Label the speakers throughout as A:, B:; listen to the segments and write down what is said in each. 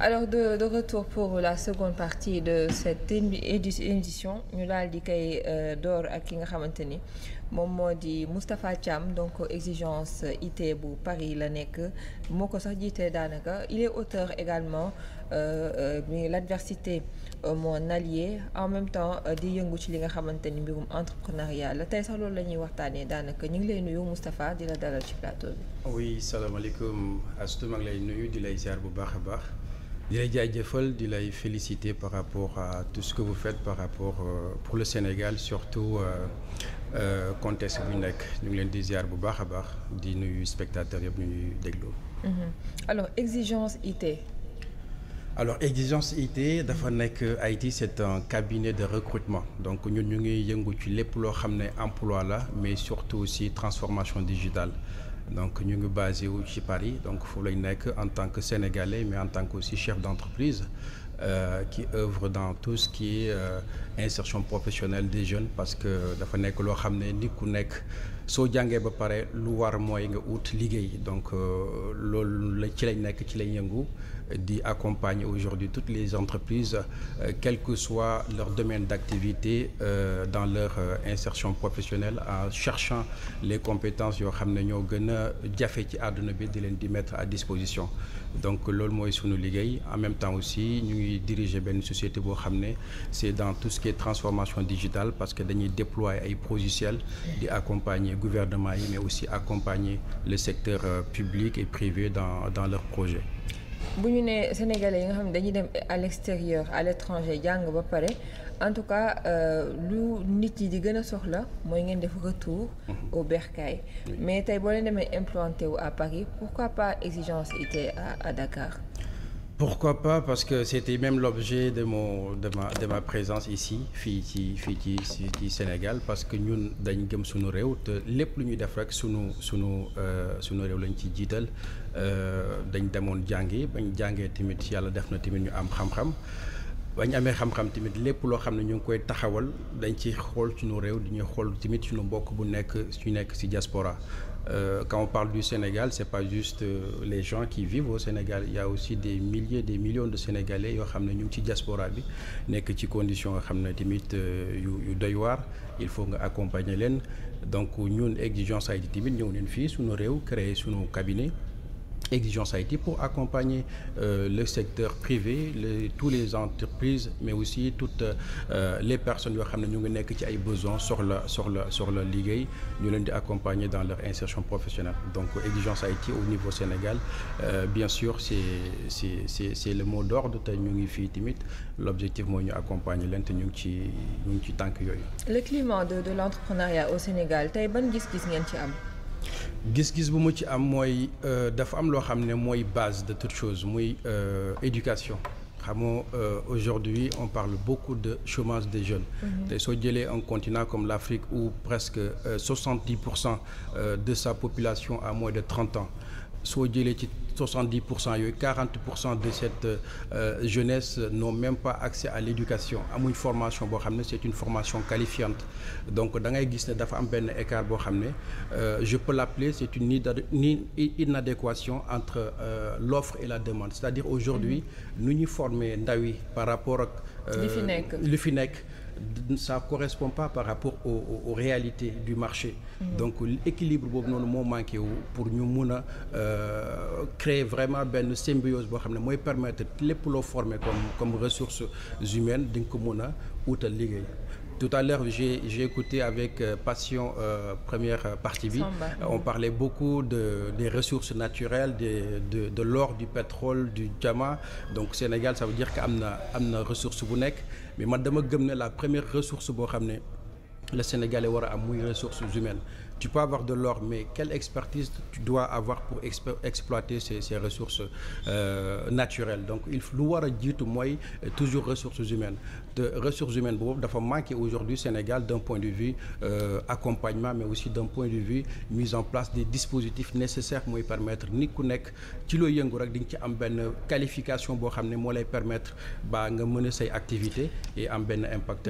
A: alors de de retour pour la seconde partie de cette édition ñu daal di koy euh, door ak ki nga xamante ni moom moo di Moustapha Thiam donc exigence IT bu Paris la nekk moo ko sax jiite daanaka il est auteur également euh, euh, mi l'adversité euh, mon allié en même temps di yëngu ci li nga xamante ni mbirum entrepreneuriat la tey sax loolu la ñuy waxtaanee daanaka ñu ngi lay nuyu Moustapha di la dalal ci plateau bi.
B: oui salaamaaleykum Astou maa ngi lay nuyu di lay ziar bu baax a baax. di lay jaajëfal di lay féliciter par rapport à tout ce que vous faites par rapport pour le Sénégal surtout Euh, contexte bu ñu nekk ñu ngi leen di ziar bu baax a baax di nuyu spectateurs yëpp ñu ñuy déglu.
A: Mm-hmm. alors exigence IT.
B: alors exigence IT dafa nekk IT c'est un cabinet de recrutement donc ñun ñu ngi yëngu ci lépp loo xam ne emploi la mais surtout aussi transformation digitale. donc ñu ngi basé wu ci Paris donc foofu lañ nekk en tant que sénégalais mais en tant que aussi chef d'entreprise Euh, qui œuvre dans tout ce qui est euh, insertion professionnelle des jeunes parce que dafa nekk loo xam ne nit ku nekk soo jàngee ba pare lu war mooy nga ut liggéey donc euh, loolu la ci lañ nekk ci lañ yëngu di accompagner aujourd'hui toutes les entreprises euh, quel que soit leur domaine d'activité euh, dans leur euh, insertion professionnelle en cherchant les compétences yoo xam ne ñoo gën a jafe ci àdduna bi di leen di mettre à disposition donc loolu mooy sunu liggéey en même temps aussi ñu ngi diriger benn société boo xam ne c'est dans tout ce qui est transformation digitale parce que dañuy déployer ay logiciels di accompagner gouvernement yi mais aussi accompagner le secteur euh, public et privé dans dans leurs projets.
A: bu ñu nee yi nga xam ne dañuy dem à l'extérieur à l'étranger jàng ba pare. en tout cas euh, lu nit yi di gën a soxla mooy ngeen def retour mhm. au bercail mais tey boo leen demee implanté wu à Paris pourquoi pas exigence était à à Dakar
B: pourquoi pas parce que c'était même l'objet de mon de ma de ma présence ici fii ci fii ci ci Sénégal parce que ñun dañ gëm suñu réew te lépp lu ñuy def rek suñu suñu euh, suñu réew lañ ci jiital euh, dañ demoon jàngi bañ jàngee tamit yàlla def na tamit ñu am xam-xam ba ñu amee xam-xam tamit lépp loo xam ne ñu ngi koy taxawal dañ ci xool suñu réew di ñuy xool tamit suñu mbokk bu nekk su nekk ci diaspora euh, quand on parle Sénégal c'est pas euh, les gens qui vivent Sénégal il y a aussi des milliers de Sénégalais yoo xam ne ñu ngi ci diaspora bi nekk ci condition yoo xam ne tamit euh, yu yu doy waar il faut nga accompagner leen donc ñun exigence ay di tamit ñëw leen fii suñu réew créer suñu cabinet exigence a été pour accompagner euh, le secteur privé les tous les entreprises mais aussi toutes euh, les personnes yoo xam ne ñu ngi nekk ci ay besoins soxla soxla soxla liggéey ñu leen di accompagner dans leur insertion professionnelle donc exigence a été au niveau Sénégal euh, bien sûr c'est c'est c'est c'est le mot d'ordre te ñu ngi fii tamit l'objectif mooy ñu accompagner leen ñu ngi ci ñu ngi ci tànk yooyu.
A: le climat de l'entrepreneuriat au Sénégal tey ban gis-gis ngeen ci am.
B: gis-gis bu mu ci am mooy euh, dafa am loo xam ne mooy base de toute chose muy euh, éducation xamoo euh, aujourd'hui on parle beaucoup de chômage des jeunes mhm. te soo jëlee un continent comme l'Afrique où presque soixante-dix pour cent de sa population a moins de trente ans soo jëlee ci soixante dix pour cent yooyu quarante pour cent de cette euh, jeunesse n'ont même pas accès à l'éducation amuñ formation boo xam ne c'est une formation qualifiante donc dangay gis ne dafa am benn écart boo xam ne euh, je peux l'appeler c'est une inadéquation entre euh, l'offre et la demande c'est-à-dire aujourd'hui mm-hmm. nu ñuy former ndaw yi par rapport ak li fi euh, nekk ça correspond pas par rapport aux, aux, aux réalités du marché mm. donc équilibre boobu noonu moo manqué wu pour ñu mun a euh, créer vraiment benn symbiose boo xam ne mooy permettre lépp loo former comme comme ressources humaines di nga ko mun a wutal liggéey tout à l'heure j'ai j'ai écouté avec euh, passion euh, première euh, partie bi euh, on parlait beaucoup de des ressources naturelles des de de l'or du pétrole du diamant donc Sénégal ça veut dire que am na am na ressource bu nekk mais man dama gëm ne la première ressource boo xam ne le Sénégalais war a am muy ressources humaines tu peux avoir de l'or mais quelle expertise tu dois avoir pour exp exploiter ces ressources euh, naturelles donc lu war a jiitu mooy euh, toujours ressources humaines te ressources humaines boobu dafa manqué aujourd'hui Sénégal d'un point de vue euh, accompagnement mais aussi d'un point de vue mise en place des dispositifs nécessaires mooy permettre ni ku nekk ci loo yëngu rek di nga ci am benn qualification boo xam ne moo lay permettre baa nga mën a say activité et benn impact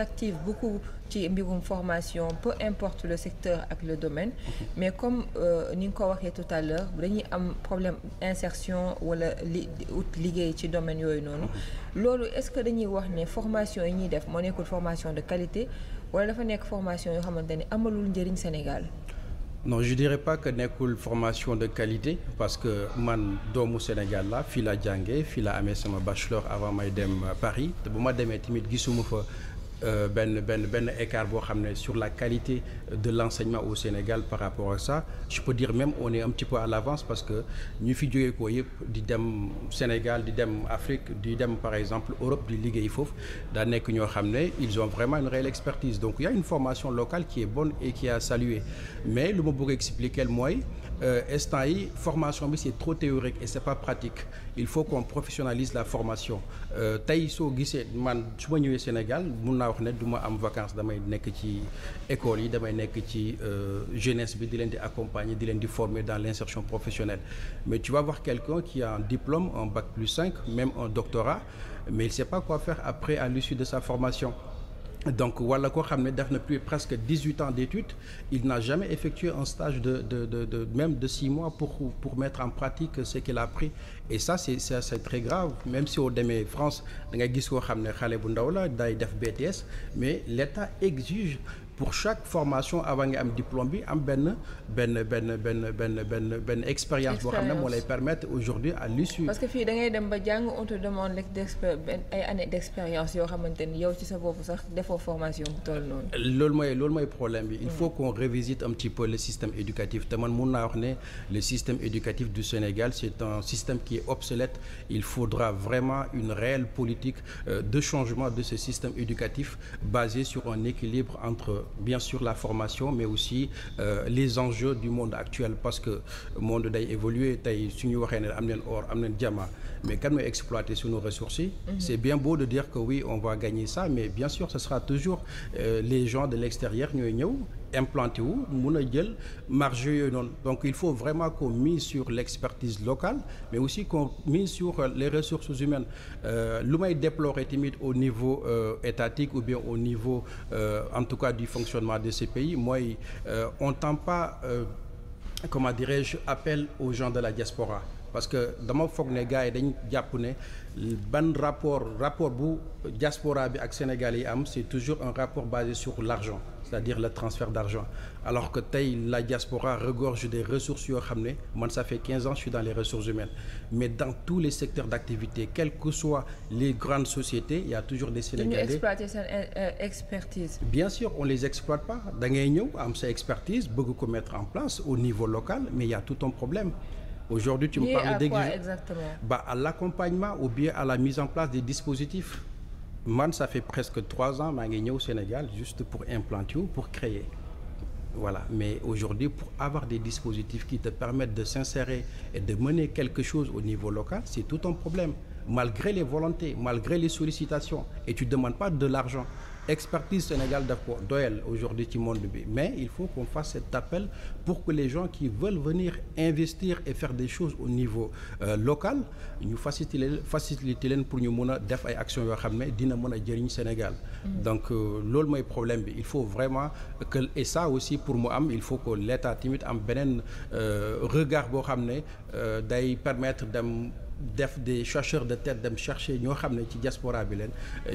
A: s'active beaucoup ci mbirum formation peu importe le secteur ak le domaine mais comme euh, ni nga ko waxee tout à dañuy am problème insertion wala li ut liggéey ci domaine yooyu noonu loolu est-ce que dañuy wax ne formation yi ñuy def moo nekkul formation de qualité wala dafa nekk formation yoo xamante ne amalul njëriñ Sénégal
B: non je dirais pas que nekkul formation de qualité parce que man doomu Sénégal la fii la jànge fii la amee sama bachelor avant may dem Paris te bu ma demee tamit gisuma fa Euh, benn benn benn écart boo xam ne sur la qualité de l'enseignement au Sénégal par rapport à ça je peux dire même on est un petit peu à l'avance parce que ñu fi jógee ko yëpp di dem Sénégal di dem Afrique di dem par exemple Europe di liggéey foofu daa nekk ñoo xam ne ils ont vraiment une réelle expertise donc il y a une formation locale qui est bonne et qui a salué mais lu ma bëgg expliquer mooy Euh, instant yi formation bi c'est trop théorique et c'est pas pratique il faut qu'on professionnalise la formation euh, tey soo gisee man su ma ñëwee Sénégal mun naa wax ne du ma am vacances damay nekk ci école yi damay nekk ci euh, jeunesse bi di leen di accompagner di leen di former dans l'insertion professionnelle mais tu vas voir quelqu'un qui a un diplôme un bac plus 5 même un doctorat mais il sait pas quoi faire après à l'issue de sa formation donc wala koo xam ne def na plus presque dix huit ans d'études il n'a jamais effectué un stage de de de de même de six mois pour pour mettre en pratique ce qu'il a appris et ça c'est très grave même si oo demee France da nga gis koo xam ne xale bu ndaw la day def BTS mais l'État exige pour chaque formation avant nga am diplôme bi am benn benn benn benn benn benn benn expérience boo xam ne moo lay permettre aujourd'hui à l'issue parce
A: que fii da ngay dem ba jàng on te demande rek d'expérience yoo xamante ni yow ci sa bopp sax defoo formation bu toll
B: noonu loolu mooy lool mooy problème bi il mm. faut qu'on révisite un petit peu le système éducatif te man mun naa wax ne le système éducatif du Sénégal c'est un système qui est obsolète il faudra vraiment une réelle politique euh, de changement de ce système éducatif basé sur bien sûr la formation mais aussi euh, les enjeux du monde actuel parce que monde day évoluer tey su ñu waxee ne am neen or am neen diamant mais kan mooy exploiter suñu ressources yi mm-hmm. c'est bien beau de dire que oui on va gagner ça mais bien sûr ce sera toujours euh, les gens de l'extérieur ñooy ñëw implanté wu mun a jël marge yooyu noonu donc il faut vraiment qu'on mise sur l'expertise locale mais aussi qu'on mise sur euh, les ressources humaines euh, lu may déplorer tamit au niveau euh, étatique ou bien au niveau en tout cas du fonctionnement de ces pays mooy on tend pas comment dirais-je appel aux gens de la diaspora parce que dama foog ne gars yi dañ jàpp ne ban rapport rapport bu diaspora bi ak Sénégal yi am c'est toujours un rapport basé sur l'argent c'est-à-dire le transfert d'argent alors que tey la diaspora regorge des ressources yoo xam ne man ça fait 15 ans je les ressources humaines mais dans tous les secteurs d'activité quelles que soient les grandes sociétés il y a toujours des Sénégalais ñu
A: exploiter seen euh, expertise.
B: bien sûr on les exploite pas da ngay ñëw am sa expertise bëgg ko mettre en place au niveau local mais il y Aujourd'hui, tu Lié me parles d'exigence. Bah, à l'accompagnement ou bien à la mise en place des dispositifs. Man, ça fait presque trois ans, maa ngi ñëw Sénégal juste pour implanter ou pour créer. Voilà, mais aujourd'hui pour avoir des dispositifs qui te permettent de s'insérer et de mener quelque chose au niveau local, c'est tout un problème, malgré les volontés, malgré les sollicitations et tu demandes pas de l'argent. expertise Sénégal daf ko doyal aujourd'hui ci monde bi mais il faut qu'on fasse cet appel pour que les gens qui veulent venir investir et faire des choses au niveau euh, local ñu faciliter leen leen pour ñu mun a def ay action yoo xam ne dina mën a jëriñ Sénégal mm. donc euh, loolu mooy problème bi il faut vraiment que et ça aussi pour mu am il faut que l'État tamit am beneen euh, regard boo xam ne euh, day permettre dem def des chercheurs de tête dem chercher ñoo xam ne ci diaspora bi leen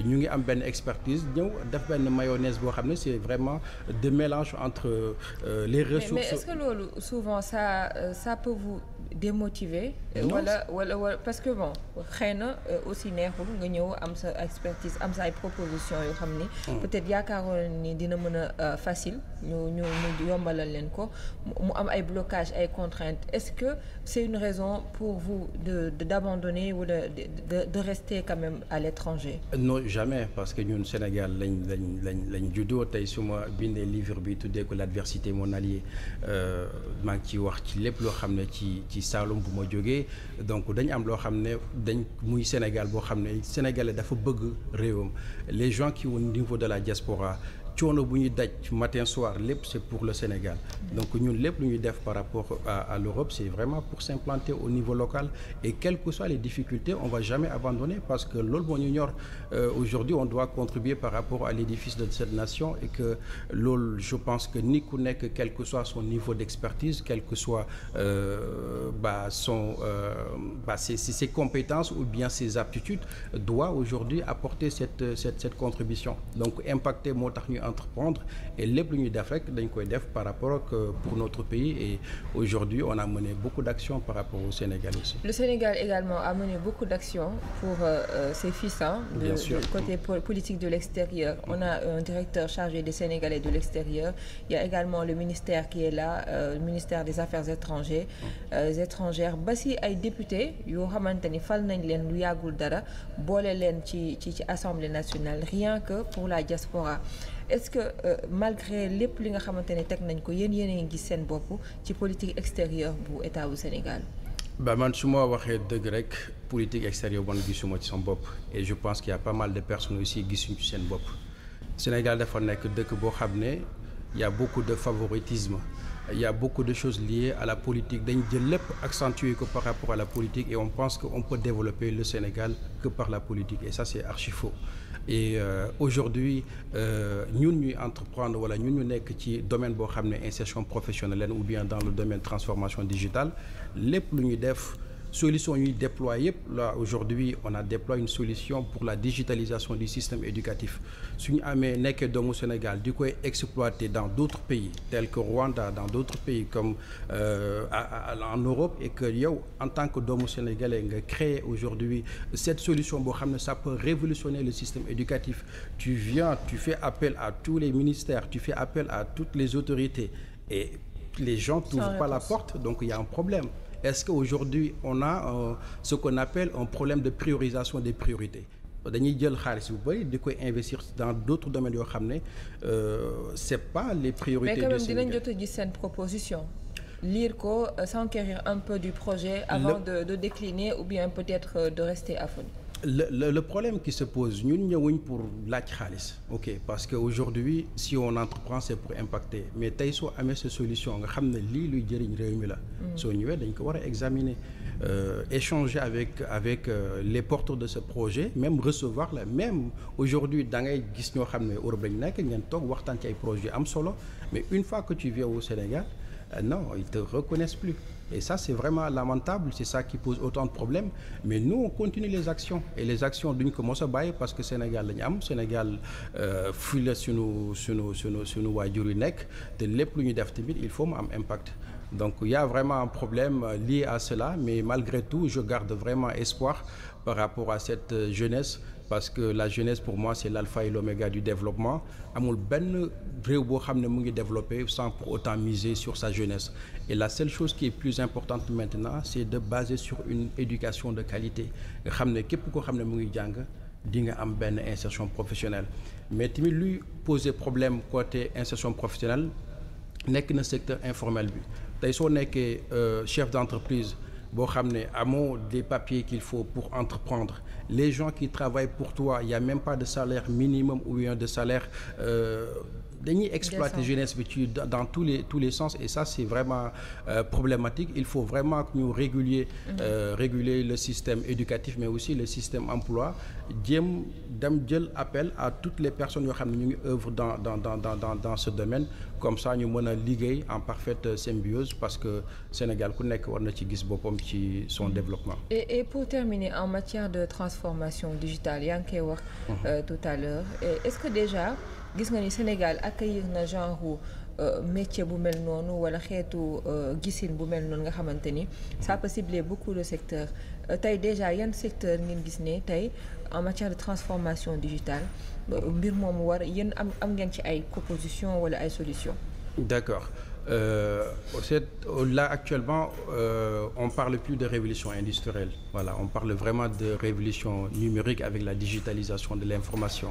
B: ñu ngi am benn expertise ñëw def benn mayonnaise boo xam ne c'est vraiment de mélange entre euh, les ressources
A: mais, loolu souvent ça euh, ça peut vous démotiver wala wala wala parce que bon xëy na euh, aussi neexul nga ñëw am sa expertise am sa ay proposition yoo xam ni hmm. peut-être yaakaaroon ni dina mën a euh, facile ñu ñu ñu yombalal leen ko mu am ay blocage ay contraintes est-ce que c'est une raison pour vous de d'abandonner ou de de de rester quand même à l'étranger
B: non jamais parce que ñun Sénégal lañ lañ lañ lañ juddoo tey su ma bindee livre bi tuddee ko l'adversité mon allié euh, maa ngi ci wax ci lépp loo xam ne ci ci Saloum bu ma jógee donc dañu am loo xam ne dañ muy Sénégal boo xam ne sénégalais dafa bëgg réewam les gens qui au niveau de la diaspora coono bu ñuy daj matin soir lépp c'est pour le Sénégal donc ñun lépp lu ñuy def par rapport à, à l'Europe c'est vraiment pour s'implanter au niveau local et quelles que soient les difficultés on va jamais abandonner parce que loolu moo ñu ñor euh, aujourd'hui on doit contribuer par rapport à l'édifice de cette nation et que loolu je pense que ni ku nekk quel que soit son niveau d'expertise quel que soit euh, son euh, bah ses, ses, ses compétences ou bien ses aptitudes doit aujourd'hui apporter cette cette cette contribution donc impacter moo entreprendre et lépp lu ñuy def rek dañ koy def par rapport ak euh, pour notre pays et aujourd'hui on a mené beaucoup d'actions par rapport au Sénégal aussi.
A: Le Sénégal également a mené beaucoup d'actions pour euh, euh ses fils hein, de, Bien côté politique de l'extérieur. On a un directeur chargé des Sénégalais de l'extérieur. Il y a également le ministère qui est là, euh, le ministère des Affaires étrangères euh, étrangères ba si ay député yoo xamante ni fal nañ leen lu yàggul dara boole leen ci ci ci Assemblée nationale rien que pour la diaspora est-ce que euh, malgré lépp li nga xamante ne teg nañ ko yéen yéen ngi gis seen bopp ci politique extérieure bu état Sénégal.
B: ba man su ma waxee dëgg rek politique extérieure man gisuma ci sama bopp et je pense qu'il y pas mal de personnes aussi gisuñu ci seen bopp Sénégal dafa nekk dëkk boo xam ne y beaucoup de favoritisme. il y a beaucoup de choses liées à la politique dañ jël lépp accentuer ko par rapport à la politique et on pense que on peut développer le Sénégal que par la politique et ça c'est archi faux et euh, aujourd'hui euh, ñun euh, ñuy entreprendre wala ñun ñu nekk ci domaine boo xam ne insertion professionnelle ou bien dans le domaine transformation digitale lépp lu ñuy def solution yuy déployé yëpp là aujourd'hui on a déployé une solution pour la digitalisation du système éducatif suñu amee nekkee doomu Sénégal di koy exploiter dans d'autres pays tels que Rwanda dans d'autres pays comme euh, à, à, en Europe et que yow en tant que doomu sénégalais nga créer aujourd'hui cette solution boo xam ne ça peut révolutionner le système éducatif tu viens tu fais appel à tous les ministères tu fais à toutes les autorités et les gens t'ouvrent pas la donc il y problème est-ce que qu'aujourd'hui on a euh, ce qu'on appelle un problème de priorisation des priorités dañuy jël xaalis bu bëri di koy investir dans d'autres domaines yoo xam ne euh, c'est pas les priorités. mais quand même dinañ jot
A: a gis seen ko euh, s'enquérir un peu du projet. avant Le... de décliner ou bien peut-être euh, de rester à
B: le, le le problème qui se pose ñun ñëwuñ pour laaj xaalis ok parce que aujourd'hui si on entreprend c'est pour impacter mais tey soo amee sa solution nga xam ne lii luy jëriñ réew mi la mm. soo ñëwee dañ ko war a examiner euh, échanger avec euh, les porteurs de ce projet même recevoir la même aujourd'hui da gis ñoo xam ne Europe lañu nekk ngeen toog waxtaan ci ay projets am solo mais une fois que tu viens au Sénégal euh, non ils te reconnaissent plus Et ça, c'est vraiment lamentable. C'est ça qui pose autant de problèmes. Mais nous, on continue les actions. Et les actions duñ ko mos a bàyyi parce que Sénégal la ñu am Sénégal euh, fii la sunu sunu sunu sunu waajur yi nekk te lépp lu ñu def tamit il faut mu am impact. Donc il y a vraiment un problème euh, lié à cela, mais malgré tout, je garde vraiment espoir par rapport à cette euh, jeunesse parce que la jeunesse pour moi c'est l'alpha et l'oméga du développement amul benn réew boo xam ne mu ngi développé sans pour autant miser sur sa jeunesse et la seule chose qui est plus importante maintenant c'est de baser sur une éducation de qualité nga xam ne képp koo xam ne mu ngi jàng di nga am benn insertion professionnelle mais tamit luy poser problème côté insertion professionnelle nekk na secteur informel bi tey soo nekkee euh, chef d'entreprise boo xam ne amoo des papiers qu'il faut pour entreprendre les gens qui travaillent pour toi il y a même pas de salaire minimum ou bien de salaire euh, dañuy exploiter jeunesse bi ci dans tous les tous les sens et ça c'est vraiment euh, faut vraiment ñu régulier mm-hmm. euh, le système éducatif mais aussi le système emploi jéem dem jël appel à toutes les personnes yoo xam ne ñu ngi œuvre dans dans dans dans dans ce domaine comme ça ñu mën a liggéey en parfaite symbiose parce que Sénégal ku nekk war na ci gis boppam ci son mm-hmm. développement.
A: et et pour terminer en matière de transformation digitale yaa ngi koy wax. Mm-hmm. Euh, tout à l'heure est déjà. gis nga ni Sénégal accueillir na genre euh, métier bu mel noonu wala xeetu euh, gisin bu mel noonu nga xamante ni ça peut cibler beaucoup de secteurs euh, tey déjà yan secteur ngeen gis ne tey en matière de transformation digitale mbir moom mu war yéen am am ngeen ci ay propositions wala ay solutions.
B: D'accord. Euh, là actuellement euh, on parle plus de révolution industrielle voilà on parle vraiment de révolution numérique avec la digitalisation de l'information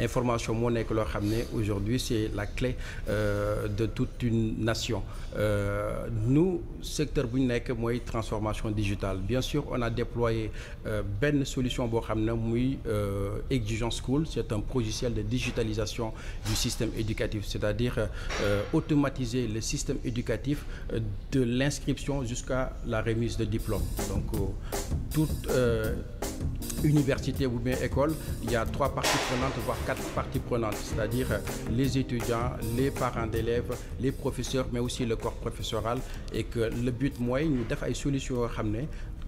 B: information moo nekk loo xam ne aujourd'hui c'est la clé euh, de toute une nation euh, nous secteur bu ñu nekk mooy transformation digitale bien sûr on a déployé euh, benn solution boo xam ne muy euh, Exigence School c'est un logiciel de digitalisation du système éducatif c'est-à-dire euh, automatiser le système éducatif de l'inscription jusqu'à la remise de diplôme donc tout université ou bien école, il y a trois parties prenantes, voire quatre parties prenantes, c'est-à-dire les étudiants, les parents d'élèves, les professeurs, mais aussi le corps professoral. Et que le but, moi, nous avons des solutions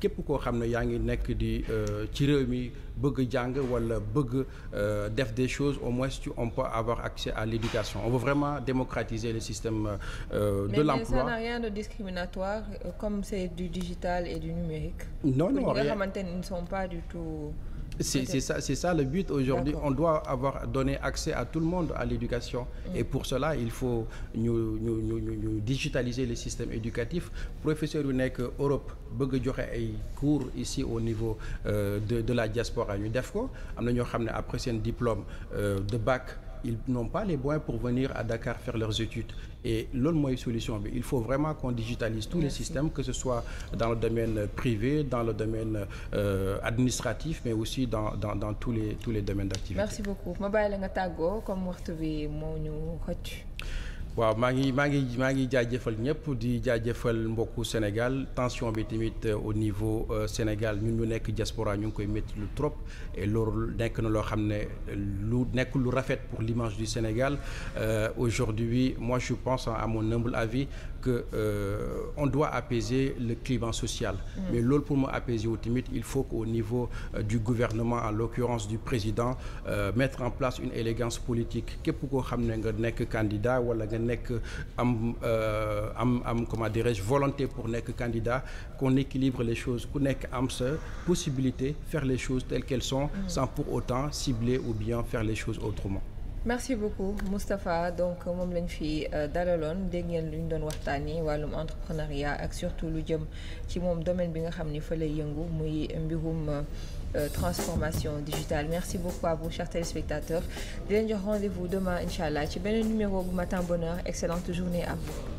B: képp koo xam ne yaa ngi nekk di euh, ci réew i bëgg jàng wala bëgg euh, def des choses au moins tu on peut avoir accès à l'éducation on veut vraiment démocratiser le système euh, de l'emploi mais ça n'a
A: rien de discriminatoire comme c'est du digital et du numérique. non non pour ne sont pas du tout.
B: C'est c'est ça c'est ça le but aujourd'hui on doit avoir donné accès à tout le monde à l'éducation mm. et pour cela il faut ñu ñu ñu ñu digitaliser le système éducatif professeur yu nekk Europe bëgg a joxe ay cours ici au niveau euh, de de la diaspora ñu def ko am na ñoo xam ne après seen diplôme euh, de bac ils n'ont pas les moyens pour venir à Dakar faire leurs études et loolu mooy solution bi il faut vraiment qu'on digitalise tous Merci. les systèmes que ce soit dans le domaine privé dans le domaine euh, administratif mais aussi dans dans dans tous les tous les domaines d'activité. Merci
A: beaucoup ma bàyyi nga tàggoo comme waxtu bi moo ñu xëcc.
B: waaw maa ngi maa ngi maa ngi jëfal ñëpp di jaajëfal mbokku Sénégal tension bi tamit euh, au niveau euh, Sénégal ñun ñu nekk diaspora ñu ngi koy métti lu trop et loolu nekk na loo xam ne lu nekk lu rafet pour l'image du Sénégal euh, aujourd'hui moi je pense à mon namble avis que on doit apaiser le climat social mm. mais loolu pour mu apaiser wu tamit il faut qu'au niveau du gouvernement en l'occurrence du président mettre en place une élégance politique képp koo nekk am euh, am am comment dirais-je volonté pour nekk candidat qu'on équilibre les choses ku nekk am sa possibilité faire les choses telles qu'elles sont mm. sans pour autant cibler ou bien faire les choses autrement
A: merci beaucoup Moustapha donc moom lañ fi euh, dalaloon dégg ngeen lu ñu doon waxtaanee wàllum entrepreneuriat ak surtout lu jëm ci moom domaine bi nga xam ni fa lay yëngu muy mbirum euh, transformation digitale merci beaucoup à vous chers téléspectateurs di leen jox rendez-vous demain incha allah ci beneen numéro bu Matin Bonheur excellente journée à vous.